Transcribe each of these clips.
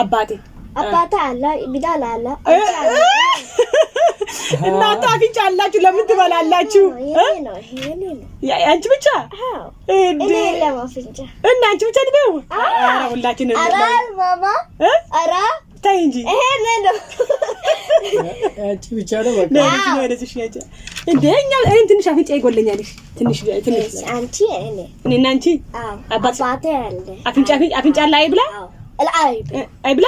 አባቴ አባታ አለ ቢዳል አለ እናንተ አፍንጫ አላችሁ ለምን ትበላላችሁ? አንቺ ብቻ እንዴ? እና አንቺ ብቻ ነው? ኧረ ሁላችንም ማማ ኧረ ተይ እንጂ አንቺ ብቻ ነው እንዴ? እኛ እኔም ትንሽ አፍንጫ ይጎለኛል። ትንሽ ትንሽ አንቺ እኔ እና አንቺ አባቴ አለ አፍንጫ አፍንጫ ላይ ብላ አይብላ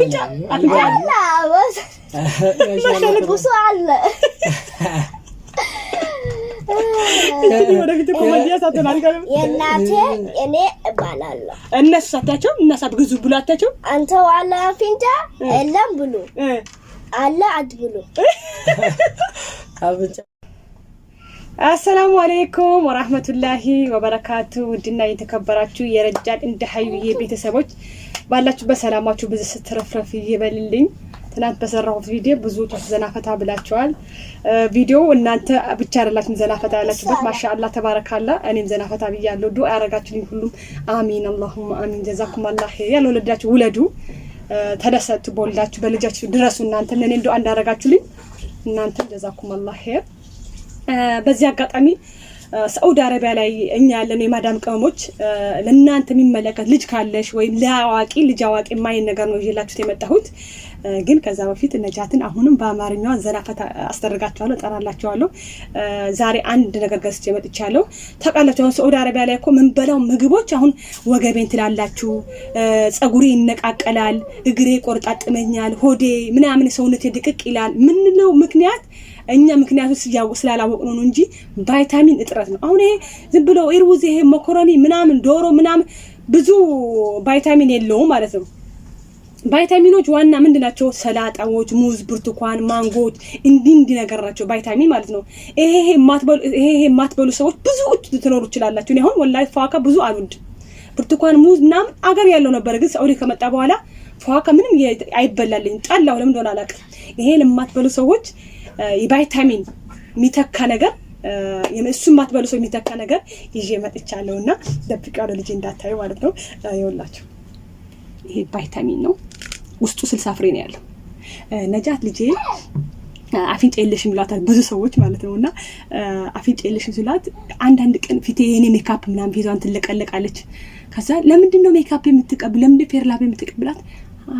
ግዙ ብሎ አታቸው አንተ አፍንጫ የለም ብሎ አለ አሰላሙ አሌይኩም ወራህመቱላሂ ወበረካቱ። ውድና የተከበራችሁ የረጃን እንደ ሀዩዬ ቤተሰቦች ባላችሁበት በሰላማችሁ ብዙ ስትረፍረፍ ይበልልኝ። ትናንት በሰራሁት ቪዲዮ ዘና ዘናፈታ ብላቸዋል። ቪዲዮ እናንተ ብቻ አይደላችሁም ዘናፈታ ያላችሁበት። ማሻአላ ተባረካላ። እኔም ዘናፈታ ብያለሁ። ዱአ ያረጋችሁልኝ ሁሉም አሚን፣ አላሁማ አሚን። ጀዛኩም አላህ ያልወለዳችሁ ውለዱ፣ ተደሰቱ በወልዳችሁ በልጃችሁ ድረሱ። እናንተ እኔን ዱአ እንዳረጋችሁልኝ እናንተ ጀዛኩም አላህ በዚህ አጋጣሚ ሳዑዲ አረቢያ ላይ እኛ ያለን የማዳም ቅመሞች ለእናንተ የሚመለከት ልጅ ካለሽ ወይም ለአዋቂ ልጅ አዋቂ የማይን ነገር ነው ይላችሁት የመጣሁት ግን ከዛ በፊት ነጃትን አሁንም በአማርኛዋ ዘናፈት አስደርጋቸዋለሁ፣ እጠራላቸዋለሁ። ዛሬ አንድ ነገር ገዝቼ መጥቻለሁ። ታውቃላችሁ፣ አሁን ሳዑዲ አረቢያ ላይ እኮ ምንበላው ምግቦች አሁን ወገቤን ትላላችሁ፣ ጸጉሬ ይነቃቀላል፣ እግሬ ቆርጣጥመኛል፣ ሆዴ ምናምን ሰውነቴ ድቅቅ ይላል። ምንለው ምክንያት እኛ ምክንያቱ ስላላወቅ ነው እንጂ ቫይታሚን እጥረት ነው። አሁን ይሄ ዝም ብሎ ኢርቡዝ ይሄ መኮረኒ ምናምን፣ ዶሮ ምናምን ብዙ ቫይታሚን የለውም ማለት ነው። ቫይታሚኖች ዋና ምንድን ናቸው? ሰላጣዎች፣ ሙዝ፣ ብርቱካን፣ ማንጎዎች እንዲህ እንዲህ ነገር ናቸው ቫይታሚን ማለት ነው። ይሄ ይሄ የማትበሉ ሰዎች ብዙ ትኖሩ ትችላላችሁ። እኔ አሁን ወላሂ ፏካ ብዙ አሉድ ብርቱካን፣ ሙዝ ምናምን አገር ያለው ነበረ፣ ግን ሳዑዲ ከመጣ በኋላ ፏዋካ ምንም አይበላልኝ ጣላሁ። ለምን እንደሆነ አላውቅም። ይሄ ለማትበሉ ሰዎች የቫይታሚን የሚተካ ነገር እሱም ማትበሉ ሰው የሚተካ ነገር ይዤ መጥቻለሁ እና ደብቄ ልጅ እንዳታዩ ማለት ነው ይኸውላችሁ ይሄ ቫይታሚን ነው። ውስጡ ስልሳ ፍሬ ነው ያለው። ነጃት ልጄ አፍንጫ የለሽም ይሏታል ብዙ ሰዎች ማለት ነው። እና አፍንጫ የለሽም ሲሏት አንዳንድ ቀን ፊቴ የኔ ሜካፕ ምናምን ፊቷን ትለቀለቃለች። ከዛ ለምንድን ነው ሜካፕ የምትቀብ ለምንድን ፌርላፕ የምትቀብላት?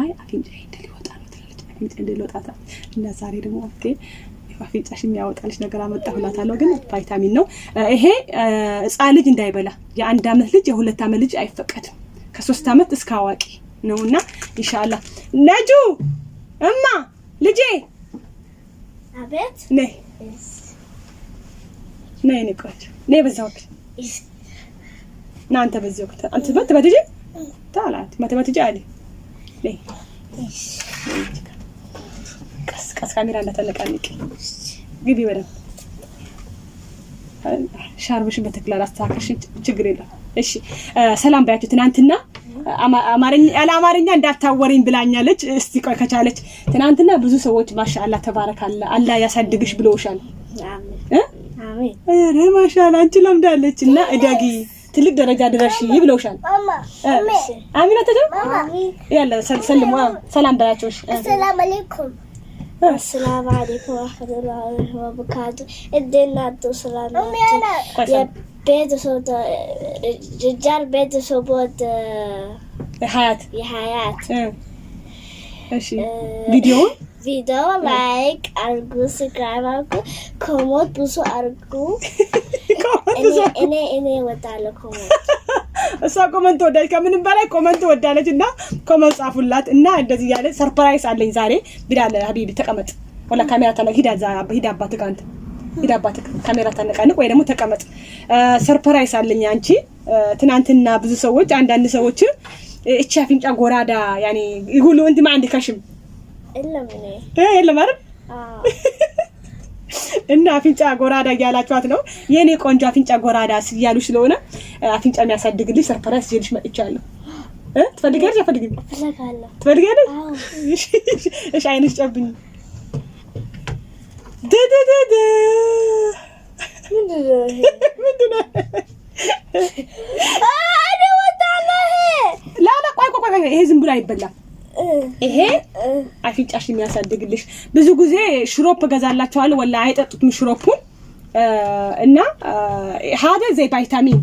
አይ አፍንጫ እንደል ይወጣ ነው ትላለች። አፍንጫ እንደል ወጣታ እና ዛሬ ደግሞ አፍቴ አፍንጫሽ የሚያወጣልሽ ነገር አመጣሁላታለሁ። ግን ቫይታሚን ነው ይሄ። ህፃን ልጅ እንዳይበላ የአንድ አመት ልጅ የሁለት አመት ልጅ አይፈቀድም። ከሶስት አመት እስከ አዋቂ ነውና ኢንሻአላ ነጁ እማ ልጄ አቤት ነይ ነይ ነይ ቆይ ነይ በዛው ና አንተ በዚህ ወቅት አንተ ባት ባትጂ ታላት ማተማቲጂ አለ ነይ ቀስ ቀስ ካሜራ እንዳታነቃንቅ ግቢ በደምብ ሻርብሽን በትክክል አላስተካከልሽን ችግር የለም እሺ ሰላም ባያችሁ ትናንትና ያለ አማርኛ እንዳታወሪኝ ብላኛለች። እስቲ ቆይ ከቻለች ትናንትና ብዙ ሰዎች ማሻአላ ተባረክ አለ አላ ያሳድግሽ ብለውሻል። አሜን። ማሻአላ አንቺ ለምዳለች እና እደጊ ትልቅ ደረጃ ድረሽ ብለውሻል። አሚና ተጀ ያለ ሰልሙ ሰላም በላቸው። ሰላም አለይኩም አሰላም አለይኩም ወራህመቱላሂ ወበረካቱ። እንዴት ናችሁ? ሰላም ናችሁ? ቤተሰብ ጃር ቤተሰቦት የሀያት የሀያት እሺ፣ ቪዲዮ ላይክ አርጉ፣ ስብስክራይብ አርጉ፣ ኮሞት ብዙ አርጉ። እኔ እኔ እወጣለሁ ኮሞት እሷ ኮመንት ወዳለች፣ ከምንም በላይ ኮመንት ወዳለች እና ኮመንት ጻፉላት እና እንደዚህ ያለ አለኝ ዛሬ ሀቢቢ ተቀመጥ፣ ወላ ካሜራ ሂዳ ሂዳ አባት ሂድ አባትህ ካሜራ ታነቃንቅ ወይ ደግሞ ተቀመጥ። ሰርፕራይዝ አለኝ አንቺ ትናንትና ብዙ ሰዎች አንዳንድ ሰዎች እቺ አፍንጫ ጎራዳ ያኔ ይሁሉ እንት ማንድ ከሽም የለም የለም አይደል እና አፍንጫ ጎራዳ እያላችኋት ነው። የኔ ቆንጆ አፍንጫ ጎራዳ እያሉሽ ስለሆነ አፍንጫ የሚያሳድግልሽ ሰርፕራይዝ ይዤልሽ መጥቻለሁ። ትፈልጊያለሽ? አፈልግም ትፈልጊያለሽ? እሺ አይነሽ ጨብኝ ይሄ ዝም ብሎ አይበላም። ይሄ አፍንጫሽ የሚያሳድግልሽ ብዙ ጊዜ ሽሮፕ እገዛላችኋለሁ። ወላ አይጠጡትም ሽሮፑን እና ሀደ ዘይ ቫይታሚን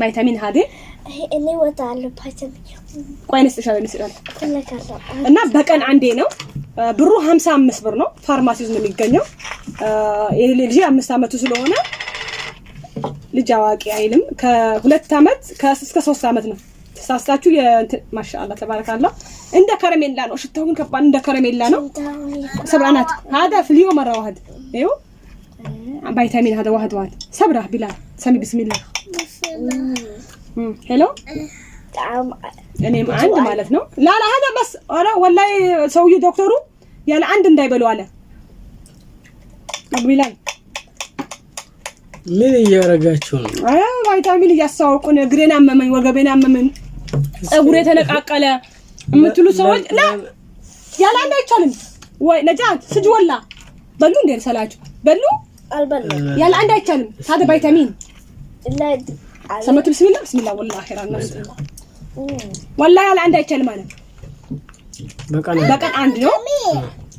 ቫይታሚን ሀዴ እኔ ወጣለሁ። ቆይ እንስጥሻለሁ እንስጥሻለሁ። እና በቀን አንዴ ነው። ብሩ 55 ብር ነው። ፋርማሲ ውስጥ ነው የሚገኘው። ልጅ አምስት አመቱ ስለሆነ ልጅ አዋቂ አይልም። ከሁለት አመት እስከ ሶስት አመት ነው። ተሳስታችሁ ማሻአላ ተባረካላ። እንደ ከረሜላ ነው ሽታውን ከባድ እንደ ከረሜላ ነው። ሰብአናት ሀዳ ፍልዮ መራዋህድ ይኸው ቫይታሚን هذا واحد واحد ሄሎ እኔም አንድ ማለት ነው ላላ هذا بس ኧረ ወላሂ ሰውዬ ዶክተሩ ያለ አንድ እንዳይበሉ አለ ቢላል ምን ነው? ቫይታሚን እግሬን አመመኝ፣ ወገቤን አመመኝ፣ ጸጉሬ ተነቃቀለ የምትሉ ሰዎች ላ ያለ አንድ አይቻልም ወይ ነጃት ስጅ ወላ በሉ እንደ ሰላችሁ በሉ البلد يلا عندي اتكلم هذا فيتامين لا يدي سمعت بسم الله بسم الله والله خير الله والله يلا بقى عندي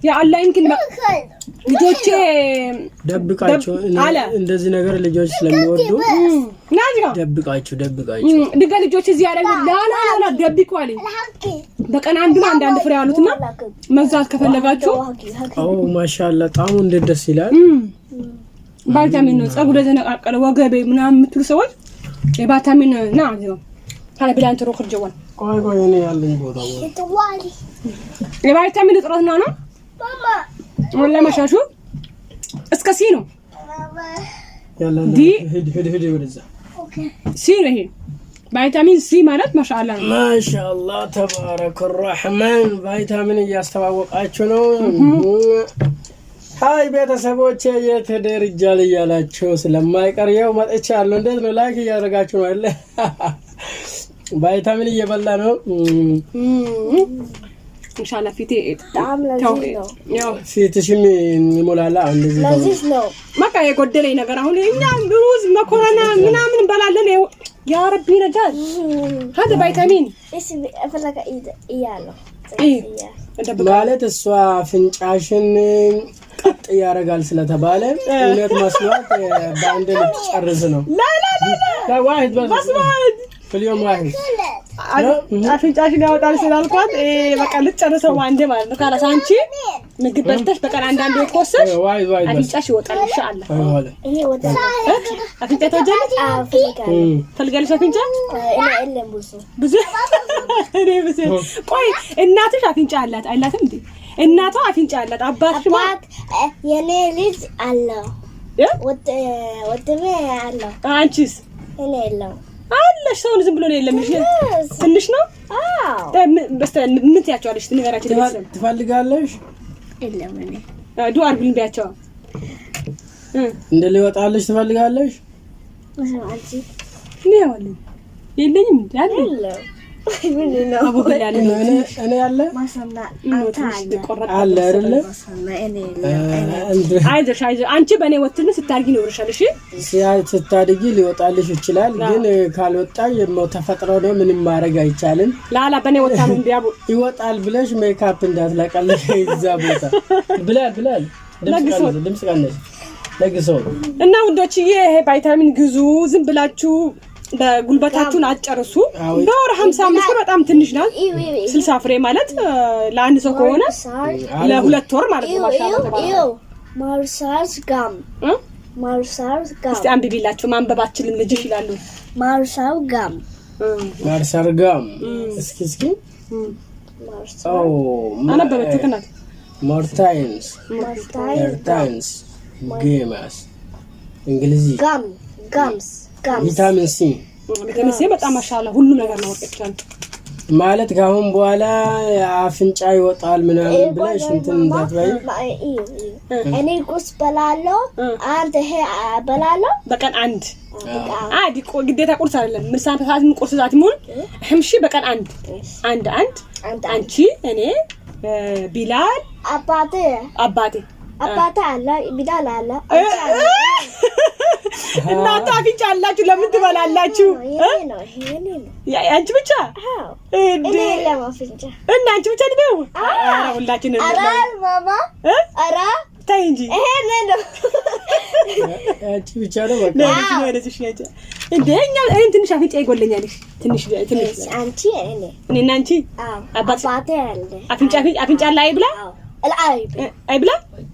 የአላይን ግን ልጆቼ ደብቃቸው እንደዚህ ነገር ልጆች ስለሚወዱ ደብቃቸው ደብቃቸው ድጋ ልጆች እዚህ ያለ ላላላ ደብቁ አለኝ። በቀን አንድም አንዳንድ ፍሬ ያሉትና መግዛት ከፈለጋችሁ አዎ ማሻላ ጣሙ እንዴት ደስ ይላል። ቫይታሚን ነው። ጸጉር የተነቃቀለ ወገቤ ምናምን የምትሉ ሰዎች የቫይታሚን ና ነው ካለ ቆይ ቆይ እኔ ያለኝ ቦታ የቫይታሚን እጥረት ነው ነው ወላሂ ማሻሹ እስከ ሲ ነው ሲ ነው ይሄ ቫይታሚን ሲ ማለት ማሻአላ ነው። ማሻአላ ተባረከ ረሕማን ቫይታሚን እያስተዋወቃችሁ ነው። ሀይ ቤተሰቦቼ የት ደርጃል እያላችሁ ስለማይቀር ያው መጥቻለሁ። እንዴት ነው? ላይክ እያደረጋችሁ ነው አለ ቫይታሚን እየበላ ነው ان شاء الله في تي ايد تعام لذيذ نو في تشمين ملالا لذيذ نو ما كان يقول لي نغرا هون نعم، هنا دروز ما كورونا منا من بلا يا ربي نجاز هذا فيتامين ايش افلك ايد إيه. اه. لا لا لا لا ቀጥ እያደረጋል ስለተባለ እውነት መስማት በአንድ ልጅ ጨርስ ነው ዋሂድ ዋሂድ አፍንጫሽን ያወጣል ስላልኳት በቃ ልትጨርሰው አንዴ ማለት ነው። ካላስ አንቺ ምግብ በልተሽ በቀን አንዳንድ ኮሰሽ አፍንጫሽ ይወጣል። ኢንሻአላህ አፍንጫ ተወጃለች ፈልጋለች አፍንጫ ብዙ ቆይ እናትሽ አፍንጫ አላት አይላትም እንዴ? እናቷ አፍንጫ አላት። አባትሽ ማለት የኔ ልጅ አለው። አንቺስ እኔ የለውም አለሽ ሰውን ዝም ብሎ ነው የለም። እሺ ትንሽ ነው። አዎ በስተ ምን ትያቸዋለሽ? ንገራቸው። ትፈልጋለሽ? የለም እኔ ዱአ አድርግልኝ ቢያቸው እንደ ሊወጣለሽ ትፈልጋለሽ? ነው የለኝም አንቺ በእኔ ወትን ስታድጊ ነው ስታድጊ ሊወጣልሽ ይችላል፣ ግን ካልወጣ ተፈጥሮ ነው፣ ምንም ማድረግ አይቻልም። ላላ በእኔ ወታ ነው እንዲያቡ ይወጣል ብለሽ ሜካፕ እንዳትለቀልሽ እዛ ቦታ ብላል ብላል ድምፅ ቀነሽ ለግሰው እና ውዶችዬ ይሄ ቫይታሚን ግዙ ዝም ብላችሁ በጉልበታችሁን አትጨርሱ። በወር ሀምሳ አምስት በጣም ትንሽ ናት። ስልሳ ፍሬ ማለት ለአንድ ሰው ከሆነ ለሁለት ወር ማለት ነው። ማርሳርስ ጋም ማርሳርስ ጋም እስቲ አንብቢላችሁ ማንበባችንን ልጅሽ ይላሉ። ማርሳር ጋም ማርሳር ጋም እስኪ እስኪ አነበበች ክናት ማርታይንስ ማርታይንስ ጌማስ እንግሊዝ ጋም ጋምስ ቪታሚን ሲ ቪታሚን ሲ በጣም አሻለ ሁሉ ነገር ነው ወጥቻለሁ ማለት ከአሁን በኋላ አፍንጫ ይወጣል ምናምን ብለሽ እንትን እንዳትበይ። እኔ ቁስ በላለሁ፣ አንድ ይሄ በላለሁ በቀን አንድ አዲ ግዴታ ቁርስ አይደለም ምሳ ሰዓት ቁርስ ሰዓት ሙን ህምሺ በቀን አንድ አንድ አንድ አንቺ እኔ ቢላል አባቴ አባቴ አባታ አለ ሚዳል አለ እናንተ አፍንጫ አላችሁ ለምን ትበላላችሁ? አንቺ ብቻ እና አንቺ ብቻ ነው። ሁላችን ኧረ ተይ እንጂ አንቺ ብቻ ነው እንደ እኛ ትንሽ አፍንጫ ይጎለኛል። ትንሽ አንቺ እኔና አንቺ አፍንጫ አፍንጫ ላይ ብላ አይ ብላ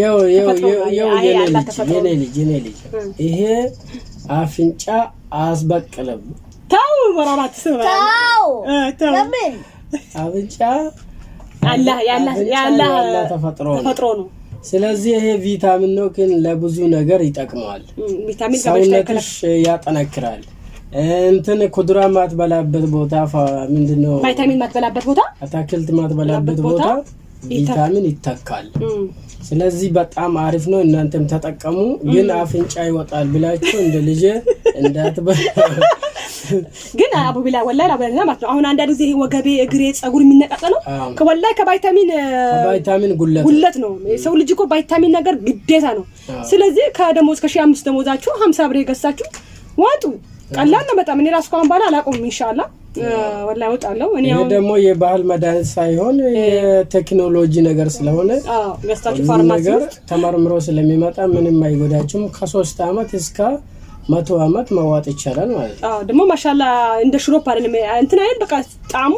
የኔ ልጅ የኔ ልጅ ይሄ አፍንጫ አስበቅልም ተው መራራት አፍንጫ ተፈጥሮ ነው። ስለዚህ ይሄ ቪታሚን ነው፣ ግን ለብዙ ነገር ይጠቅመዋል። ሰውነትሽ ያጠነክራል። እንትን ኩድራ ማትበላበት ቦታ ምንድን ነው? ቫይታሚን ማትበላበት ቦታ፣ አታክልት ማትበላበት ቦታ ቪታሚን ይተካል። ስለዚህ በጣም አሪፍ ነው። እናንተም ተጠቀሙ። ግን አፍንጫ ይወጣል ብላችሁ እንደ ልጄ እንዳትበ ግን አቡቢላ ወላይ ላበለና ማለት ነው። አሁን አንዳንድ ጊዜ ወገቤ፣ እግሬ፣ ጸጉር ነው ከወላይ ከቫይታሚን ቫይታሚን ጉለት ጉለት ነው። ሰው ልጅ እኮ ቫይታሚን ነገር ግዴታ ነው። ስለዚህ ከደሞዝ ከሺህ አምስት ደሞዛችሁ ሀምሳ ብር የገሳችሁ ዋጡ። ቀላል ነው በጣም እኔ ራሱ ከአሁን በኋላ አላቆም ኢንሻላህ ወላ እወጣለሁ። ይሄ ደግሞ የባህል መድኃኒት ሳይሆን የቴክኖሎጂ ነገር ስለሆነ ነገር ተመርምሮ ስለሚመጣ ምንም አይጎዳችሁም። ከሶስት አመት እስከ መቶ አመት መዋጥ ይቻላል ማለት ነው። ደግሞ ማሻላ እንደ ሽሮፕ አይደለም እንትን አይደል በቃ ጣሙ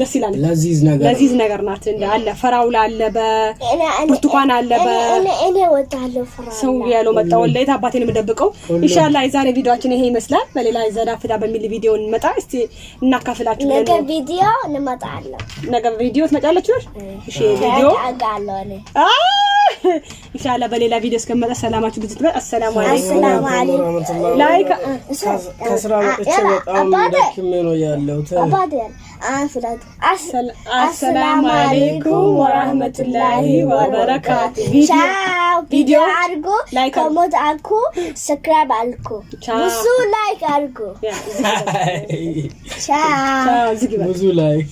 ደስ ይላል። ለዚዝ ነገር ለዚዝ ነገር ናት እንደ አለ ፈራውላ አለ በብርቱካን አለ በ እኔ ወጣለሁ ፈራውላ ሰው ያለው መጣ ወላሂ አባቴን ነው የምደብቀው። ኢንሻአላ የዛሬ ቪዲዮአችን ይሄ ይመስላል። በሌላ ዘና ፍዳ በሚል ቪዲዮ እንመጣ እስቲ እናካፍላችሁ። ነገ ቪዲዮ እንመጣለን። ነገ ቪዲዮ ትመጫለች። እሺ ቪዲዮ አጋለሁ ኢንሻአላህ በሌላ ቪዲዮ እስከመጣ ሰላማችሁ ብዙ ትበል። አሰላሙ አለይኩም። ወራህመቱላሂ ወበረካቱ። ቪዲዮ አድርጉ፣ ላይክ አድርጉ፣ ሰብስክራይብ አድርጉ፣ ብዙ ላይክ አድርጉ። ቻው ብዙ ላይክ